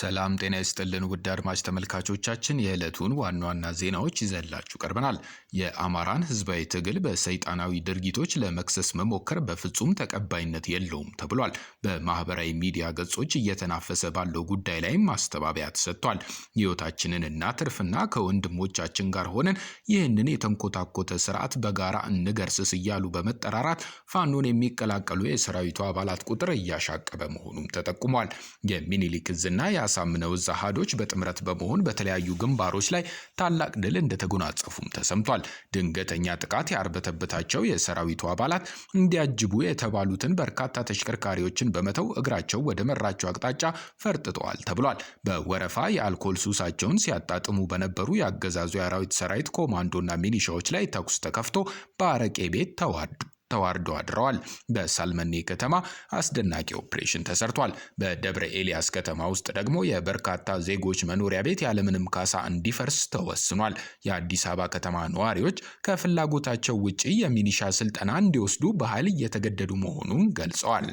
ሰላም ጤና ይስጥልን ውድ አድማጭ ተመልካቾቻችን፣ የዕለቱን ዋና ዋና ዜናዎች ይዘላችሁ ቀርበናል። የአማራን ህዝባዊ ትግል በሰይጣናዊ ድርጊቶች ለመክሰስ መሞከር በፍጹም ተቀባይነት የለውም ተብሏል። በማህበራዊ ሚዲያ ገጾች እየተናፈሰ ባለው ጉዳይ ላይም ማስተባበያ ተሰጥቷል። ህይወታችንን እና ትርፍና ከወንድሞቻችን ጋር ሆነን ይህንን የተንኮታኮተ ስርዓት በጋራ እንገርስስ እያሉ በመጠራራት ፋኖን የሚቀላቀሉ የሰራዊቱ አባላት ቁጥር እያሻቀበ መሆኑም ተጠቁሟል። የሚኒሊክ አሳምነው እዝ አሃዶች በጥምረት በመሆን በተለያዩ ግንባሮች ላይ ታላቅ ድል እንደተጎናጸፉም ተሰምቷል። ድንገተኛ ጥቃት ያርበተበታቸው የሰራዊቱ አባላት እንዲያጅቡ የተባሉትን በርካታ ተሽከርካሪዎችን በመተው እግራቸው ወደ መራቸው አቅጣጫ ፈርጥጠዋል ተብሏል። በወረፋ የአልኮል ሱሳቸውን ሲያጣጥሙ በነበሩ የአገዛዙ የአራዊት ሰራዊት ኮማንዶና ሚኒሻዎች ላይ ተኩስ ተከፍቶ በአረቄ ቤት ተዋዱ ተዋርዶ አድረዋል። በሳልመኔ ከተማ አስደናቂ ኦፕሬሽን ተሰርቷል። በደብረ ኤልያስ ከተማ ውስጥ ደግሞ የበርካታ ዜጎች መኖሪያ ቤት ያለምንም ካሳ እንዲፈርስ ተወስኗል። የአዲስ አበባ ከተማ ነዋሪዎች ከፍላጎታቸው ውጪ የሚኒሻ ስልጠና እንዲወስዱ በኃይል እየተገደዱ መሆኑን ገልጸዋል።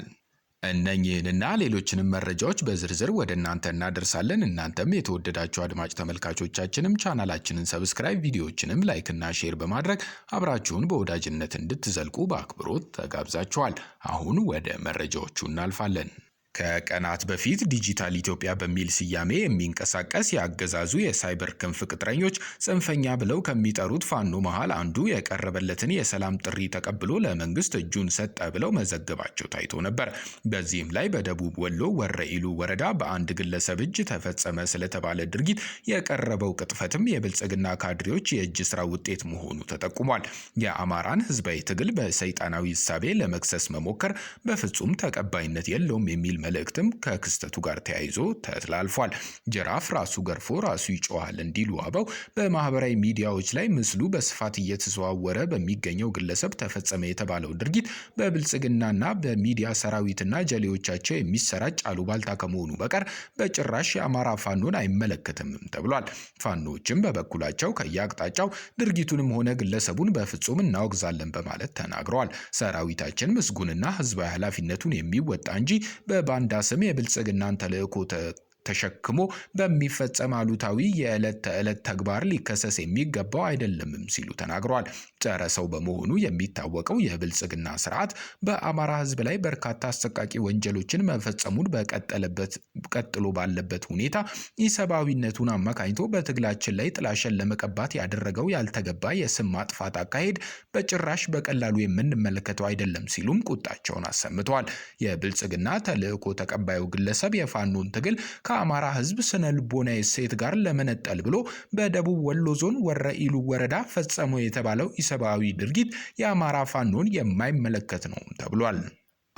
እነኚህንና ሌሎችንም መረጃዎች በዝርዝር ወደ እናንተ እናደርሳለን። እናንተም የተወደዳችሁ አድማጭ ተመልካቾቻችንም ቻናላችንን ሰብስክራይብ፣ ቪዲዮዎችንም ላይክና ሼር በማድረግ አብራችሁን በወዳጅነት እንድትዘልቁ በአክብሮት ተጋብዛችኋል። አሁን ወደ መረጃዎቹ እናልፋለን። ከቀናት በፊት ዲጂታል ኢትዮጵያ በሚል ስያሜ የሚንቀሳቀስ የአገዛዙ የሳይበር ክንፍ ቅጥረኞች ጽንፈኛ ብለው ከሚጠሩት ፋኖ መሃል አንዱ የቀረበለትን የሰላም ጥሪ ተቀብሎ ለመንግስት እጁን ሰጠ ብለው መዘገባቸው ታይቶ ነበር። በዚህም ላይ በደቡብ ወሎ ወረኢሉ ወረዳ በአንድ ግለሰብ እጅ ተፈጸመ ስለተባለ ድርጊት የቀረበው ቅጥፈትም የብልጽግና ካድሬዎች የእጅ ስራ ውጤት መሆኑ ተጠቁሟል። የአማራን ህዝባዊ ትግል በሰይጣናዊ እሳቤ ለመክሰስ መሞከር በፍጹም ተቀባይነት የለውም የሚል መልእክትም ከክስተቱ ጋር ተያይዞ ተላልፏል። ጅራፍ ራሱ ገርፎ ራሱ ይጮዋል እንዲሉ አበው በማህበራዊ ሚዲያዎች ላይ ምስሉ በስፋት እየተዘዋወረ በሚገኘው ግለሰብ ተፈጸመ የተባለው ድርጊት በብልጽግናና በሚዲያ ሰራዊትና ጀሌዎቻቸው የሚሰራጭ አሉባልታ ከመሆኑ በቀር በጭራሽ የአማራ ፋኖን አይመለከትምም ተብሏል። ፋኖዎችም በበኩላቸው ከየአቅጣጫው ድርጊቱንም ሆነ ግለሰቡን በፍጹም እናወግዛለን በማለት ተናግረዋል። ሰራዊታችን ምስጉንና ህዝባዊ ኃላፊነቱን የሚወጣ እንጂ በባ ባንዳ ስም የብልጽግናን ተልዕኮ ተሸክሞ በሚፈጸም አሉታዊ የዕለት ተዕለት ተግባር ሊከሰስ የሚገባው አይደለምም ሲሉ ተናግረዋል። ጸረ ሰው በመሆኑ የሚታወቀው የብልጽግና ስርዓት በአማራ ሕዝብ ላይ በርካታ አሰቃቂ ወንጀሎችን መፈጸሙን በቀጠለበት ቀጥሎ ባለበት ሁኔታ ኢሰብአዊነቱን አማካኝቶ በትግላችን ላይ ጥላሸን ለመቀባት ያደረገው ያልተገባ የስም ማጥፋት አካሄድ በጭራሽ በቀላሉ የምንመለከተው አይደለም ሲሉም ቁጣቸውን አሰምተዋል። የብልጽግና ተልዕኮ ተቀባዩ ግለሰብ የፋኖን ትግል ከ ከአማራ ህዝብ ስነ ልቦና እሴት ጋር ለመነጠል ብሎ በደቡብ ወሎ ዞን ወረ ኢሉ ወረዳ ፈጸመው የተባለው ኢሰብአዊ ድርጊት የአማራ ፋኖን የማይመለከት ነው ተብሏል።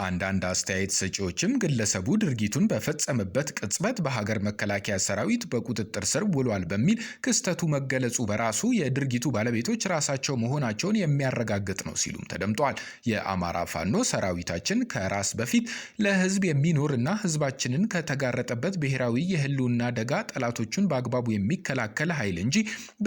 አንዳንድ አስተያየት ሰጪዎችም ግለሰቡ ድርጊቱን በፈጸመበት ቅጽበት በሀገር መከላከያ ሰራዊት በቁጥጥር ስር ውሏል በሚል ክስተቱ መገለጹ በራሱ የድርጊቱ ባለቤቶች ራሳቸው መሆናቸውን የሚያረጋግጥ ነው ሲሉም ተደምጠዋል። የአማራ ፋኖ ሰራዊታችን ከራስ በፊት ለህዝብ የሚኖር እና ህዝባችንን ከተጋረጠበት ብሔራዊ የህልውና አደጋ ጠላቶቹን በአግባቡ የሚከላከል ኃይል እንጂ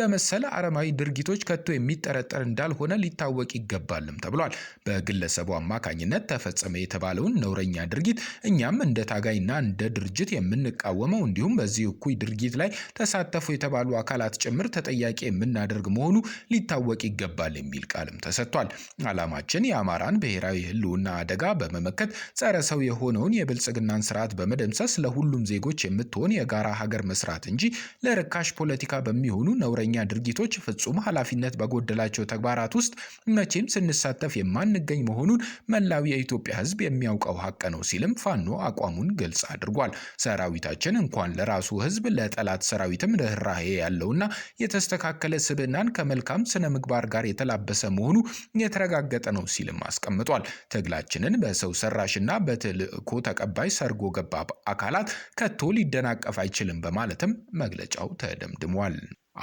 በመሰለ አረማዊ ድርጊቶች ከቶ የሚጠረጠር እንዳልሆነ ሊታወቅ ይገባልም ተብሏል። በግለሰቡ አማካኝነት ተፈጸመ የተባለውን ነውረኛ ድርጊት እኛም እንደ ታጋይና እንደ ድርጅት የምንቃወመው እንዲሁም በዚህ እኩይ ድርጊት ላይ ተሳተፉ የተባሉ አካላት ጭምር ተጠያቂ የምናደርግ መሆኑ ሊታወቅ ይገባል የሚል ቃልም ተሰጥቷል። ዓላማችን የአማራን ብሔራዊ ህልውና አደጋ በመመከት ጸረ ሰው የሆነውን የብልጽግናን ስርዓት በመደምሰስ ለሁሉም ዜጎች የምትሆን የጋራ ሀገር መስራት እንጂ ለርካሽ ፖለቲካ በሚሆኑ ነውረኛ ድርጊቶች ፍጹም ኃላፊነት በጎደላቸው ተግባራት ውስጥ መቼም ስንሳተፍ የማንገኝ መሆኑን መላው የኢትዮጵያ ህዝብ የሚያውቀው ሀቅ ነው ሲልም ፋኖ አቋሙን ግልጽ አድርጓል። ሰራዊታችን እንኳን ለራሱ ህዝብ ለጠላት ሰራዊትም ርኅራሄ ያለውና የተስተካከለ ስብዕናን ከመልካም ስነ ምግባር ጋር የተላበሰ መሆኑ የተረጋገጠ ነው ሲልም አስቀምጧል። ትግላችንን በሰው ሰራሽና በተልእኮ ተቀባይ ሰርጎ ገባ አካላት ከቶ ሊደናቀፍ አይችልም በማለትም መግለጫው ተደምድሟል።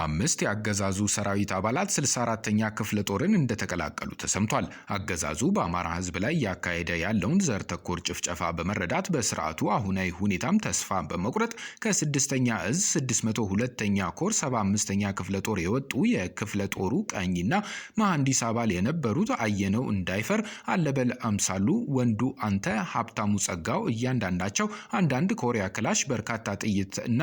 አምስት የአገዛዙ ሰራዊት አባላት 64ተኛ ክፍለ ጦርን እንደተቀላቀሉ ተሰምቷል። አገዛዙ በአማራ ሕዝብ ላይ እያካሄደ ያለውን ዘር ተኮር ጭፍጨፋ በመረዳት በስርዓቱ አሁናዊ ሁኔታም ተስፋ በመቁረጥ ከስድስተኛ እዝ 602ኛ ኮር 75ኛ ክፍለ ጦር የወጡ የክፍለ ጦሩ ቀኝና መሐንዲስ አባል የነበሩት አየነው እንዳይፈር፣ አለበል አምሳሉ፣ ወንዱ አንተ፣ ሀብታሙ ጸጋው እያንዳንዳቸው አንዳንድ ኮሪያ ክላሽ፣ በርካታ ጥይት እና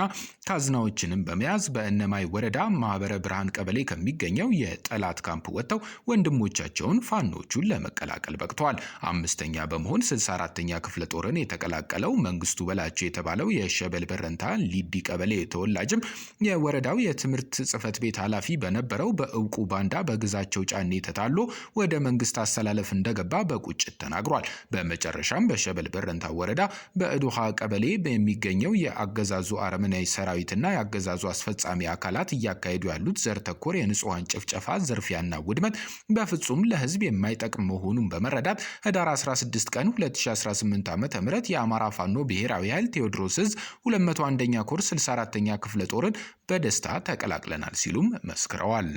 ካዝናዎችንም በመያዝ በእነማይ ወረዳ ወረዳ ማህበረ ብርሃን ቀበሌ ከሚገኘው የጠላት ካምፕ ወጥተው ወንድሞቻቸውን ፋኖቹን ለመቀላቀል በቅተዋል። አምስተኛ በመሆን 64ኛ ክፍለ ጦርን የተቀላቀለው መንግስቱ በላቸው የተባለው የሸበል በረንታ ሊዲ ቀበሌ ተወላጅም የወረዳው የትምህርት ጽህፈት ቤት ኃላፊ በነበረው በእውቁ ባንዳ በግዛቸው ጫኔ ተታሎ ወደ መንግስት አሰላለፍ እንደገባ በቁጭት ተናግሯል። በመጨረሻም በሸበል በረንታ ወረዳ በእዱሃ ቀበሌ የሚገኘው የአገዛዙ አረመናዊ ሰራዊትና የአገዛዙ አስፈጻሚ አካላት እያካሄዱ ያሉት ዘር ተኮር የንጹሐን ጭፍጨፋ፣ ዝርፊያና ውድመት በፍጹም ለህዝብ የማይጠቅም መሆኑን በመረዳት ህዳር 16 ቀን 2018 ዓ ም የአማራ ፋኖ ብሔራዊ ኃይል ቴዎድሮስ እዝ 201ኛ ኮር 64ኛ ክፍለ ጦርን በደስታ ተቀላቅለናል ሲሉም መስክረዋል።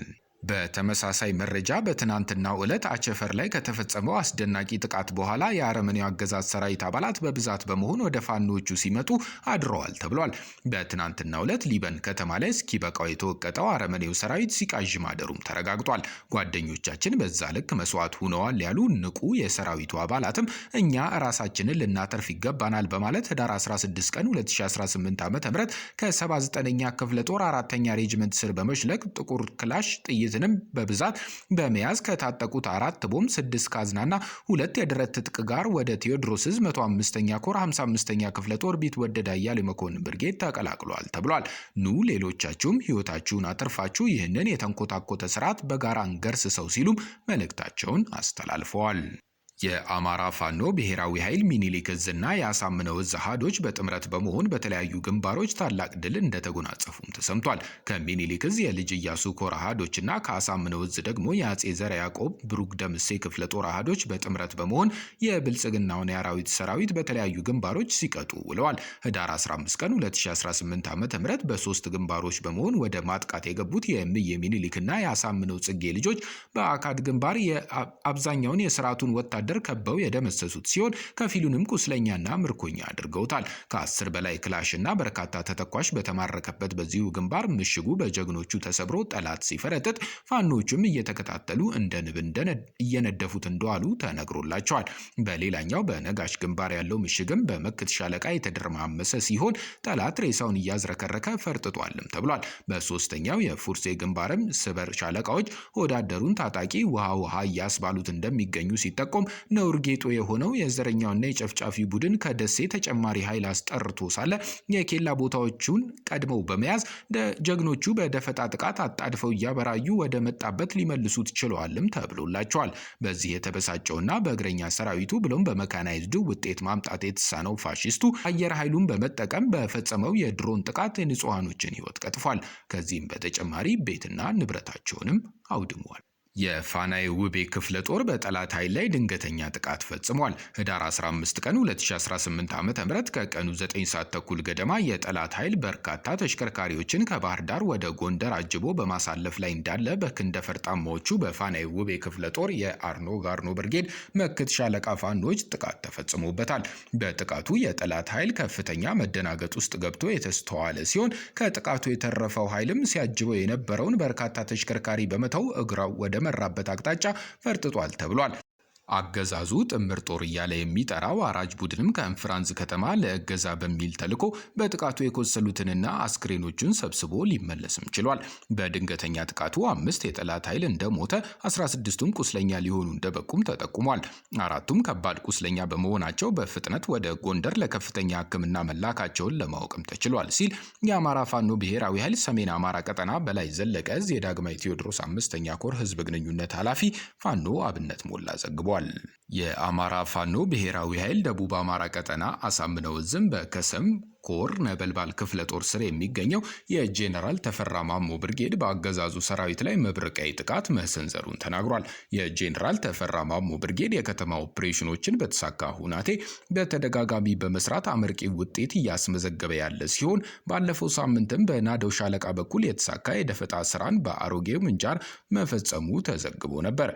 በተመሳሳይ መረጃ በትናንትናው ዕለት አቸፈር ላይ ከተፈጸመው አስደናቂ ጥቃት በኋላ የአረመኔው አገዛዝ ሰራዊት አባላት በብዛት በመሆን ወደ ፋኖቹ ሲመጡ አድረዋል ተብሏል። በትናንትናው ዕለት ሊበን ከተማ ላይ እስኪበቃው የተወቀጠው አረመኔው ሰራዊት ሲቃዥ ማደሩም ተረጋግጧል። ጓደኞቻችን በዛ ልክ መስዋዕት ሁነዋል ያሉ ንቁ የሰራዊቱ አባላትም እኛ ራሳችንን ልናተርፍ ይገባናል በማለት ህዳር 16 ቀን 2018 ዓ ም ከ79ኛ ክፍለ ጦር አራተኛ ሬጅመንት ስር በመሽለቅ ጥቁር ክላሽ ጥይት ጥይትንም በብዛት በመያዝ ከታጠቁት አራት ቦምብ ስድስት ካዝናና ሁለት የደረት ትጥቅ ጋር ወደ ቴዎድሮስ ዕዝ 105ኛ ኮር 55ኛ ክፍለ ጦር ቢትወደድ አያሌው መኮንን ብርጌድ ተቀላቅሏል ተብሏል። ኑ ሌሎቻችሁም ህይወታችሁን አትርፋችሁ ይህንን የተንኮታኮተ ስርዓት በጋራ እንገርስ ሰው ሲሉም መልእክታቸውን አስተላልፈዋል። የአማራ ፋኖ ብሔራዊ ኃይል ሚኒሊክ እዝና የአሳምነው እዝ አሃዶች በጥምረት በመሆን በተለያዩ ግንባሮች ታላቅ ድል እንደተጎናጸፉም ተሰምቷል። ከሚኒሊክ እዝ የልጅ ኢያሱ ኮር አሃዶችና ከአሳምነው እዝ ደግሞ የአጼ ዘረ ያዕቆብ ብሩክ ደምሴ ክፍለ ጦር አሃዶች በጥምረት በመሆን የብልጽግናውን የአራዊት ሰራዊት በተለያዩ ግንባሮች ሲቀጡ ውለዋል። ህዳር 15 ቀን 2018 ዓ ም በሶስት ግንባሮች በመሆን ወደ ማጥቃት የገቡት የእምዬ ሚኒሊክና የአሳምነው ጽጌ ልጆች በአካድ ግንባር አብዛኛውን የስርዓቱን ወታደ ወታደር ከበው የደመሰሱት ሲሆን ከፊሉንም ቁስለኛና ምርኮኛ አድርገውታል። ከአስር በላይ ክላሽና በርካታ ተተኳሽ በተማረከበት በዚሁ ግንባር ምሽጉ በጀግኖቹ ተሰብሮ ጠላት ሲፈረጥጥ ፋኖቹም እየተከታተሉ እንደ ንብ እየነደፉት እንደዋሉ ተነግሮላቸዋል። በሌላኛው በነጋሽ ግንባር ያለው ምሽግም በመክት ሻለቃ የተደረማመሰ ሲሆን ጠላት ሬሳውን እያዝረከረከ ፈርጥጧልም ተብሏል። በሶስተኛው የፉርሴ ግንባርም ስበር ሻለቃዎች ወዳደሩን ታጣቂ ውሃ ውሃ እያስባሉት እንደሚገኙ ሲጠቆም ነውር ጌጡ የሆነው የዘረኛውና የጨፍጫፊ ቡድን ከደሴ ተጨማሪ ኃይል አስጠርቶ ሳለ የኬላ ቦታዎቹን ቀድመው በመያዝ ጀግኖቹ በደፈጣ ጥቃት አጣድፈው እያበራዩ ወደ መጣበት ሊመልሱት ችለዋልም ተብሎላቸዋል። በዚህ የተበሳጨውና በእግረኛ ሰራዊቱ ብሎም በመካናይዝዱ ውጤት ማምጣት የተሳነው ፋሽስቱ አየር ኃይሉን በመጠቀም በፈጸመው የድሮን ጥቃት የንጹሐኖችን ሕይወት ቀጥፏል። ከዚህም በተጨማሪ ቤትና ንብረታቸውንም አውድሟል። የፋናይ ውቤ ክፍለ ጦር በጠላት ኃይል ላይ ድንገተኛ ጥቃት ፈጽሟል። ህዳር 15 ቀን 2018 ዓ.ም ከቀኑ 9 ሰዓት ተኩል ገደማ የጠላት ኃይል በርካታ ተሽከርካሪዎችን ከባህር ዳር ወደ ጎንደር አጅቦ በማሳለፍ ላይ እንዳለ በክንደ ፈርጣማዎቹ በፋናይ ውቤ ክፍለ ጦር የአርኖ ጋርኖ ብርጌድ መክት ሻለቃ ፋኖች ጥቃት ተፈጽሞበታል። በጥቃቱ የጠላት ኃይል ከፍተኛ መደናገጥ ውስጥ ገብቶ የተስተዋለ ሲሆን ከጥቃቱ የተረፈው ኃይልም ሲያጅበው የነበረውን በርካታ ተሽከርካሪ በመተው እግራው ወደ በሚመራበት አቅጣጫ ፈርጥጧል ተብሏል። አገዛዙ ጥምር ጦር እያለ የሚጠራው አራጅ ቡድንም ከእንፍራንዝ ከተማ ለእገዛ በሚል ተልኮ በጥቃቱ የቆሰሉትንና አስክሬኖቹን ሰብስቦ ሊመለስም ችሏል። በድንገተኛ ጥቃቱ አምስት የጠላት ኃይል እንደሞተ 16ቱም ቁስለኛ ሊሆኑ እንደበቁም ተጠቁሟል። አራቱም ከባድ ቁስለኛ በመሆናቸው በፍጥነት ወደ ጎንደር ለከፍተኛ ሕክምና መላካቸውን ለማወቅም ተችሏል ሲል የአማራ ፋኖ ብሔራዊ ኃይል ሰሜን አማራ ቀጠና በላይ ዘለቀ የዳግማዊ ቴዎድሮስ አምስተኛ ኮር ህዝብ ግንኙነት ኃላፊ ፋኖ አብነት ሞላ ዘግቧል። ተናግረዋል። የአማራ ፋኖ ብሔራዊ ኃይል ደቡብ አማራ ቀጠና አሳምነው ዝም በከሰም ኮር ነበልባል ክፍለ ጦር ስር የሚገኘው የጄኔራል ተፈራ ማሞ ብርጌድ በአገዛዙ ሰራዊት ላይ መብረቃዊ ጥቃት መሰንዘሩን ተናግሯል። የጄኔራል ተፈራ ማሞ ብርጌድ የከተማ ኦፕሬሽኖችን በተሳካ ሁናቴ በተደጋጋሚ በመስራት አመርቂ ውጤት እያስመዘገበ ያለ ሲሆን ባለፈው ሳምንትም በናደው ሻለቃ በኩል የተሳካ የደፈጣ ስራን በአሮጌው ምንጃር መፈጸሙ ተዘግቦ ነበር።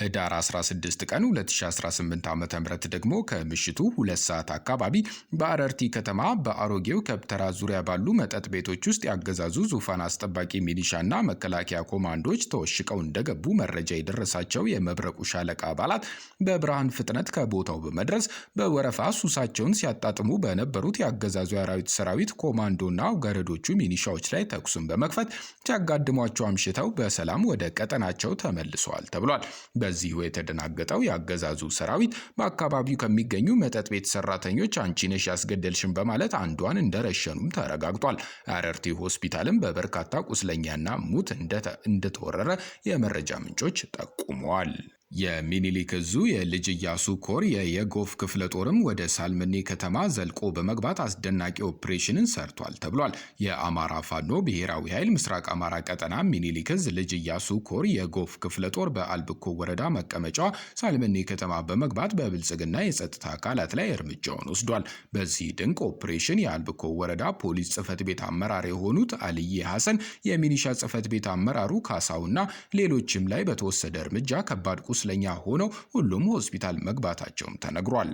ህዳር 16 ቀን 2018 ዓ ም ደግሞ ከምሽቱ ሁለት ሰዓት አካባቢ በአረርቲ ከተማ በአሮጌው ከብተራ ዙሪያ ባሉ መጠጥ ቤቶች ውስጥ ያገዛዙ ዙፋን አስጠባቂ ሚሊሻና መከላከያ ኮማንዶች ተወሽቀው እንደገቡ መረጃ የደረሳቸው የመብረቁ ሻለቃ አባላት በብርሃን ፍጥነት ከቦታው በመድረስ በወረፋ ሱሳቸውን ሲያጣጥሙ በነበሩት የአገዛዙ የአራዊት ሰራዊት ኮማንዶና ገረዶቹ ሚሊሻዎች ላይ ተኩሱን በመክፈት ሲያጋድሟቸው አምሽተው በሰላም ወደ ቀጠናቸው ተመልሰዋል ተብሏል። በዚሁ የተደናገጠው የአገዛዙ ሰራዊት በአካባቢው ከሚገኙ መጠጥ ቤት ሰራተኞች አንቺነሽ ያስገደልሽን በማለት አንዷን እንደረሸኑም ተረጋግጧል። አረርቲ ሆስፒታልም በበርካታ ቁስለኛና ሙት እንደተወረረ የመረጃ ምንጮች ጠቁመዋል። የሚኒሊክ እዙ የልጅ እያሱ ኮር የየጎፍ ክፍለ ጦርም ወደ ሳልምኒ ከተማ ዘልቆ በመግባት አስደናቂ ኦፕሬሽንን ሰርቷል ተብሏል። የአማራ ፋኖ ብሔራዊ ኃይል ምስራቅ አማራ ቀጠና ሚኒሊክ እዝ ልጅ እያሱ ኮር የጎፍ ክፍለ ጦር በአልብኮ ወረዳ መቀመጫ ሳልምኒ ከተማ በመግባት በብልጽግና የጸጥታ አካላት ላይ እርምጃውን ወስዷል። በዚህ ድንቅ ኦፕሬሽን የአልብኮ ወረዳ ፖሊስ ጽህፈት ቤት አመራር የሆኑት አልዬ ሐሰን፣ የሚኒሻ ጽህፈት ቤት አመራሩ ካሳውና ሌሎችም ላይ በተወሰደ እርምጃ ከባድ ቁስ ቁስለኛ ሆነው ሁሉም ሆስፒታል መግባታቸውም ተነግሯል።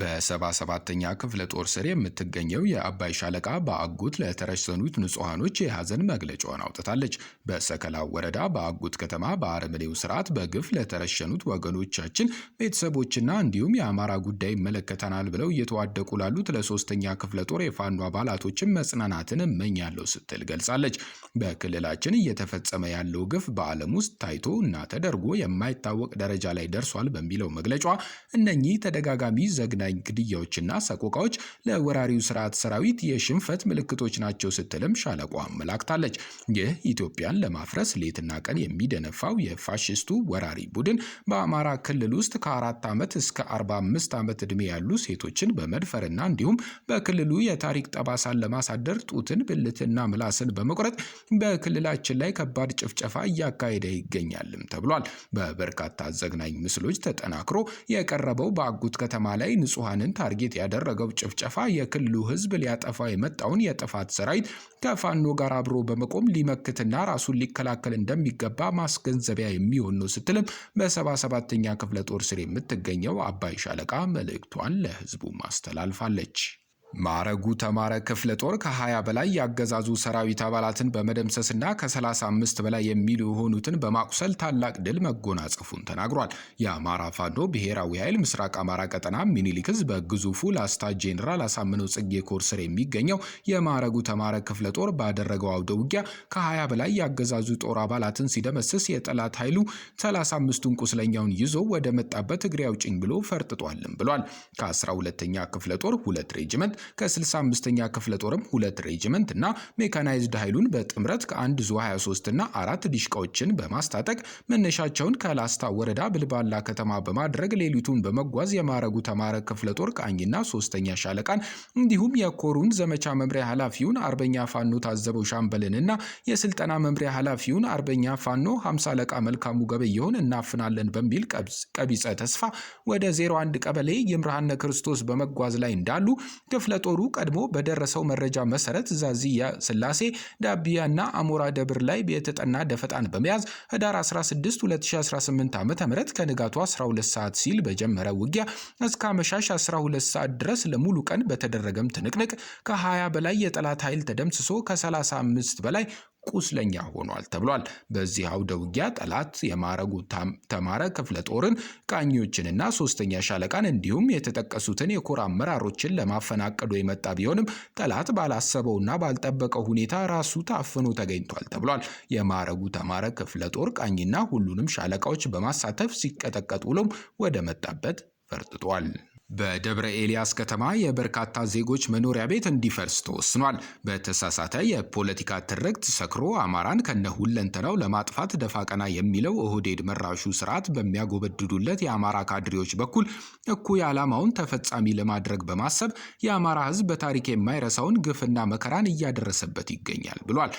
በ 77 ክፍለ ጦር ስር የምትገኘው የአባይ ሻለቃ በአጉት ለተረሸኑት ንጹሐኖች የሐዘን መግለጫዋን አውጥታለች። በሰከላ ወረዳ በአጉት ከተማ በአረመኔው ስርዓት በግፍ ለተረሸኑት ወገኖቻችን ቤተሰቦችና እንዲሁም የአማራ ጉዳይ ይመለከተናል ብለው እየተዋደቁ ላሉት ለሶስተኛ ክፍለ ጦር የፋኖ አባላቶችን መጽናናትን እመኛለሁ ስትል ገልጻለች። በክልላችን እየተፈጸመ ያለው ግፍ በዓለም ውስጥ ታይቶ እና ተደርጎ የማይታወቅ ደረጃ ላይ ደርሷል በሚለው መግለጫ እነኚህ ተደጋጋሚ ዘግ ዘግናኝ ግድያዎችና ሰቆቃዎች ለወራሪው ስርዓት ሰራዊት የሽንፈት ምልክቶች ናቸው ስትልም ሻለቋ አመላክታለች። ይህ ኢትዮጵያን ለማፍረስ ሌትና ቀን የሚደነፋው የፋሽስቱ ወራሪ ቡድን በአማራ ክልል ውስጥ ከአራት ዓመት እስከ 45 ዓመት ዕድሜ ያሉ ሴቶችን በመድፈርና እንዲሁም በክልሉ የታሪክ ጠባሳን ለማሳደር ጡትን ብልትና ምላስን በመቁረጥ በክልላችን ላይ ከባድ ጭፍጨፋ እያካሄደ ይገኛልም ተብሏል። በበርካታ ዘግናኝ ምስሎች ተጠናክሮ የቀረበው በአጉት ከተማ ላይ ንጹሐንን ታርጌት ያደረገው ጭፍጨፋ የክልሉ ህዝብ ሊያጠፋ የመጣውን የጥፋት ሰራዊት ከፋኖ ጋር አብሮ በመቆም ሊመክትና ራሱን ሊከላከል እንደሚገባ ማስገንዘቢያ የሚሆን ነው ስትልም በ ክፍለ ጦር ስር የምትገኘው አባይ ሻለቃ መልእክቷን ለህዝቡ ማስተላልፋለች። ማረጉ ተማረ ክፍለ ጦር ከ20 በላይ ያገዛዙ ሰራዊት አባላትን በመደምሰስና ከ35 በላይ የሚሆኑትን በማቁሰል ታላቅ ድል መጎናጸፉን ተናግሯል። የአማራ ፋኖ ብሔራዊ ኃይል ምስራቅ አማራ ቀጠና ሚኒሊክ ዕዝ በግዙፉ ላስታ ጄኔራል አሳምነው ጽጌ ኮር ስር የሚገኘው የማዕረጉ ተማረ ክፍለ ጦር ባደረገው አውደ ውጊያ ከ20 በላይ ያገዛዙ ጦር አባላትን ሲደመስስ የጠላት ኃይሉ 35ቱን ቁስለኛውን ይዞ ወደ መጣበት እግሬ አውጭኝ ብሎ ፈርጥጧልም ብሏል። ከ12ኛ ክፍለ ጦር ሁለት ሬጅመንት ከ65ኛ ክፍለ ጦርም ሁለት ሬጅመንት እና ሜካናይዝድ ኃይሉን በጥምረት ከአንድ ዙ 23 እና አራት ዲሽቃዎችን በማስታጠቅ መነሻቸውን ከላስታ ወረዳ ብልባላ ከተማ በማድረግ ሌሊቱን በመጓዝ የማረጉ ተማረ ክፍለ ጦር ቃኝና ሶስተኛ ሻለቃን እንዲሁም የኮሩን ዘመቻ መምሪያ ኃላፊውን አርበኛ ፋኖ ታዘበው ሻምበልን እና የስልጠና መምሪያ ኃላፊውን አርበኛ ፋኖ 50 አለቃ መልካሙ ገበየሁን እናፍናለን በሚል ቀቢጸ ተስፋ ወደ 01 ቀበሌ የምርሃነ ክርስቶስ በመጓዝ ላይ እንዳሉ ክፍ ክፍለ ጦሩ ቀድሞ በደረሰው መረጃ መሰረት ዛዚያ ስላሴ ዳቢያና አሞራ ደብር ላይ የተጠና ደፈጣን በመያዝ ህዳር 16 2018 ዓ.ም ከንጋቱ 12 ሰዓት ሲል በጀመረ ውጊያ እስከ አመሻሽ 12 ሰዓት ድረስ ለሙሉ ቀን በተደረገም ትንቅንቅ ከ20 በላይ የጠላት ኃይል ተደምስሶ ከ35 በላይ ቁስለኛ ሆኗል ተብሏል። በዚህ አውደ ውጊያ ጠላት የማረጉ ተማረ ክፍለ ጦርን፣ ቃኞችንና ሶስተኛ ሻለቃን እንዲሁም የተጠቀሱትን የኮር አመራሮችን ለማፈናቀዱ የመጣ ቢሆንም ጠላት ባላሰበውና ባልጠበቀው ሁኔታ ራሱ ታፍኖ ተገኝቷል ተብሏል። የማረጉ ተማረ ክፍለ ጦር ቃኝና ሁሉንም ሻለቃዎች በማሳተፍ ሲቀጠቀጥ ውሎም ወደ መጣበት ፈርጥጧል። በደብረ ኤልያስ ከተማ የበርካታ ዜጎች መኖሪያ ቤት እንዲፈርስ ተወስኗል። በተሳሳተ የፖለቲካ ትርክት ሰክሮ አማራን ከነ ሁለንተናው ለማጥፋት ደፋ ቀና የሚለው ኦህዴድ መራሹ ስርዓት በሚያጎበድዱለት የአማራ ካድሬዎች በኩል እኩይ ዓላማውን ተፈጻሚ ለማድረግ በማሰብ የአማራ ሕዝብ በታሪክ የማይረሳውን ግፍና መከራን እያደረሰበት ይገኛል ብሏል።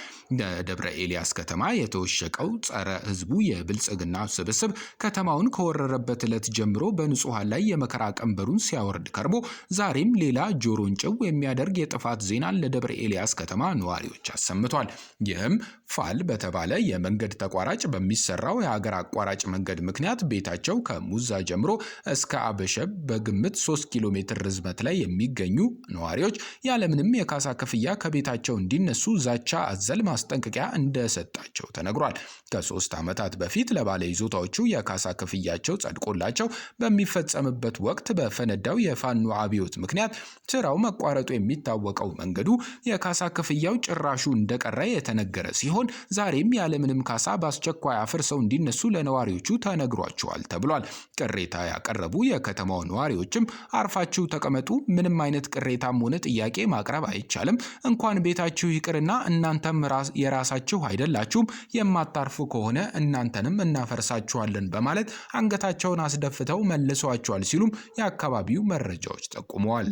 ደብረ ኤልያስ ከተማ የተወሸቀው ጸረ ሕዝቡ የብልጽግና ስብስብ ከተማውን ከወረረበት ዕለት ጀምሮ በንጹሐን ላይ የመከራ ቀንበሩን ጆሮውን ሲያወርድ ቀርቦ ዛሬም ሌላ ጆሮን ጭው የሚያደርግ የጥፋት ዜናን ለደብረ ኤልያስ ከተማ ነዋሪዎች አሰምቷል። ይህም ፋል በተባለ የመንገድ ተቋራጭ በሚሰራው የሀገር አቋራጭ መንገድ ምክንያት ቤታቸው ከሙዛ ጀምሮ እስከ አበሸብ በግምት 3 ኪሎ ሜትር ርዝመት ላይ የሚገኙ ነዋሪዎች ያለምንም የካሳ ክፍያ ከቤታቸው እንዲነሱ ዛቻ አዘል ማስጠንቀቂያ እንደሰጣቸው ተነግሯል። ከሶስት ዓመታት በፊት ለባለ ይዞታዎቹ የካሳ ክፍያቸው ጸድቆላቸው በሚፈጸምበት ወቅት በፈ በፈነዳው የፋኖ አብዮት ምክንያት ስራው መቋረጡ የሚታወቀው መንገዱ የካሳ ክፍያው ጭራሹ እንደቀረ የተነገረ ሲሆን ዛሬም ያለምንም ካሳ በአስቸኳይ አፍርሰው እንዲነሱ ለነዋሪዎቹ ተነግሯቸዋል ተብሏል። ቅሬታ ያቀረቡ የከተማው ነዋሪዎችም አርፋችሁ ተቀመጡ፣ ምንም አይነት ቅሬታም ሆነ ጥያቄ ማቅረብ አይቻልም፣ እንኳን ቤታችሁ ይቅርና እናንተም የራሳችሁ አይደላችሁም፣ የማታርፉ ከሆነ እናንተንም እናፈርሳችኋለን በማለት አንገታቸውን አስደፍተው መልሰዋቸዋል ሲሉም የአካባቢ አካባቢው መረጃዎች ጠቁመዋል።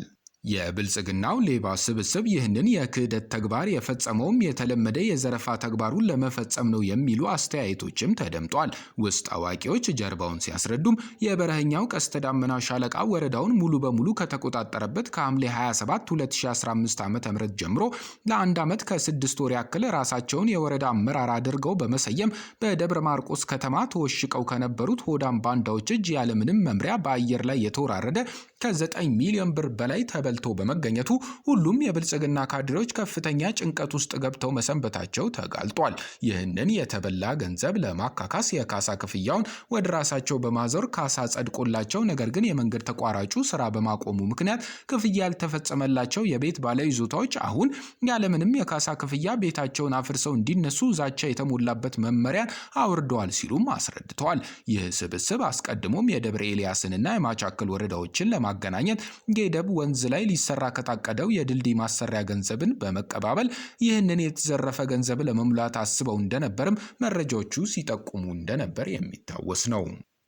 የብልጽግናው ሌባ ስብስብ ይህንን የክህደት ተግባር የፈጸመውም የተለመደ የዘረፋ ተግባሩን ለመፈጸም ነው የሚሉ አስተያየቶችም ተደምጧል። ውስጥ አዋቂዎች ጀርባውን ሲያስረዱም የበረሃኛው ቀስተ ዳመና ሻለቃ ወረዳውን ሙሉ በሙሉ ከተቆጣጠረበት ከሐምሌ 27 2015 ዓ.ም ጀምሮ ለአንድ ዓመት ከስድስት ወር ያክል ራሳቸውን የወረዳ አመራር አድርገው በመሰየም በደብረ ማርቆስ ከተማ ተወሽቀው ከነበሩት ሆዳም ባንዳዎች እጅ ያለምንም መምሪያ በአየር ላይ የተወራረደ ከ9 ሚሊዮን ብር በላይ ተበል በልቶ በመገኘቱ ሁሉም የብልጽግና ካድሬዎች ከፍተኛ ጭንቀት ውስጥ ገብተው መሰንበታቸው ተጋልጧል። ይህንን የተበላ ገንዘብ ለማካካስ የካሳ ክፍያውን ወደ ራሳቸው በማዞር ካሳ ጸድቆላቸው፣ ነገር ግን የመንገድ ተቋራጩ ስራ በማቆሙ ምክንያት ክፍያ ያልተፈጸመላቸው የቤት ባለይዞታዎች አሁን ያለምንም የካሳ ክፍያ ቤታቸውን አፍርሰው እንዲነሱ ዛቻ የተሞላበት መመሪያን አውርደዋል ሲሉም አስረድተዋል። ይህ ስብስብ አስቀድሞም የደብረ ኤልያስንና የማቻክል ወረዳዎችን ለማገናኘት ጌደብ ወንዝ ላይ ላይ ሊሰራ ከታቀደው የድልድይ ማሰሪያ ገንዘብን በመቀባበል ይህንን የተዘረፈ ገንዘብ ለመሙላት አስበው እንደነበርም መረጃዎቹ ሲጠቁሙ እንደነበር የሚታወስ ነው።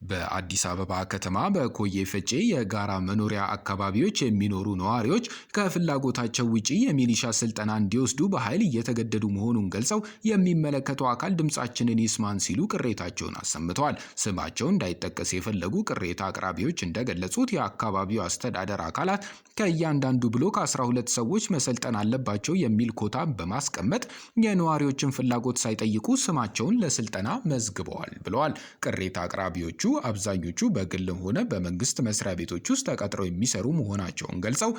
በአዲስ አበባ ከተማ በኮዬ ፈጬ የጋራ መኖሪያ አካባቢዎች የሚኖሩ ነዋሪዎች ከፍላጎታቸው ውጪ የሚሊሻ ስልጠና እንዲወስዱ በኃይል እየተገደዱ መሆኑን ገልጸው የሚመለከተው አካል ድምፃችንን ይስማን ሲሉ ቅሬታቸውን አሰምተዋል። ስማቸው እንዳይጠቀስ የፈለጉ ቅሬታ አቅራቢዎች እንደገለጹት የአካባቢው አስተዳደር አካላት ከእያንዳንዱ ብሎክ 12 ሰዎች መሰልጠን አለባቸው የሚል ኮታ በማስቀመጥ የነዋሪዎችን ፍላጎት ሳይጠይቁ ስማቸውን ለስልጠና መዝግበዋል ብለዋል። ቅሬታ አቅራቢዎቹ አብዛኞቹ በግልም ሆነ በመንግስት መስሪያ ቤቶች ውስጥ ተቀጥረው የሚሰሩ መሆናቸውን ገልጸው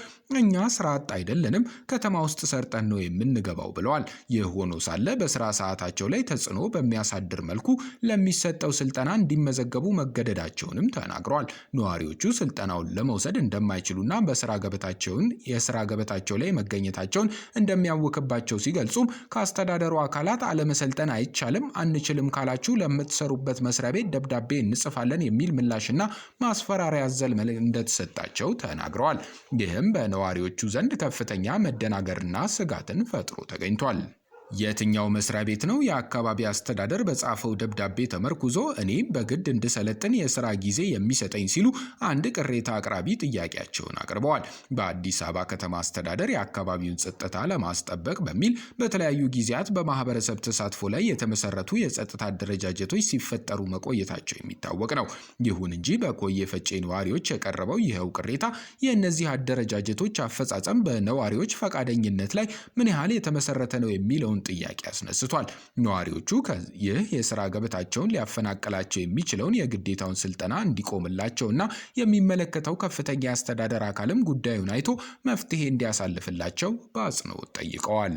እኛ ስራ አጥ አይደለንም፣ ከተማ ውስጥ ሰርጠን ነው የምንገባው ብለዋል። ይህ ሆኖ ሳለ በስራ ሰዓታቸው ላይ ተጽዕኖ በሚያሳድር መልኩ ለሚሰጠው ስልጠና እንዲመዘገቡ መገደዳቸውንም ተናግረዋል። ነዋሪዎቹ ስልጠናውን ለመውሰድ እንደማይችሉና በስራ ገበታቸውን የስራ ገበታቸው ላይ መገኘታቸውን እንደሚያውክባቸው ሲገልጹም ከአስተዳደሩ አካላት አለመሰልጠን አይቻልም፣ አንችልም ካላችሁ ለምትሰሩበት መስሪያ ቤት ደብዳቤ እንጽፋል እናጠፋለን የሚል ምላሽና ማስፈራሪያ አዘል መልእክት እንደተሰጣቸው ተናግረዋል። ይህም በነዋሪዎቹ ዘንድ ከፍተኛ መደናገርና ስጋትን ፈጥሮ ተገኝቷል። የትኛው መስሪያ ቤት ነው የአካባቢ አስተዳደር በጻፈው ደብዳቤ ተመርኩዞ እኔም በግድ እንድሰለጥን የስራ ጊዜ የሚሰጠኝ ሲሉ አንድ ቅሬታ አቅራቢ ጥያቄያቸውን አቅርበዋል። በአዲስ አበባ ከተማ አስተዳደር የአካባቢውን ጸጥታ ለማስጠበቅ በሚል በተለያዩ ጊዜያት በማህበረሰብ ተሳትፎ ላይ የተመሰረቱ የጸጥታ አደረጃጀቶች ሲፈጠሩ መቆየታቸው የሚታወቅ ነው። ይሁን እንጂ በኮየ ፈጬ ነዋሪዎች የቀረበው ይኸው ቅሬታ የእነዚህ አደረጃጀቶች አፈጻጸም በነዋሪዎች ፈቃደኝነት ላይ ምን ያህል የተመሰረተ ነው የሚለውን የሚለውን ጥያቄ አስነስቷል። ነዋሪዎቹ ይህ የስራ ገበታቸውን ሊያፈናቀላቸው የሚችለውን የግዴታውን ስልጠና እንዲቆምላቸውና የሚመለከተው ከፍተኛ የአስተዳደር አካልም ጉዳዩን አይቶ መፍትሄ እንዲያሳልፍላቸው በአጽንኦት ጠይቀዋል።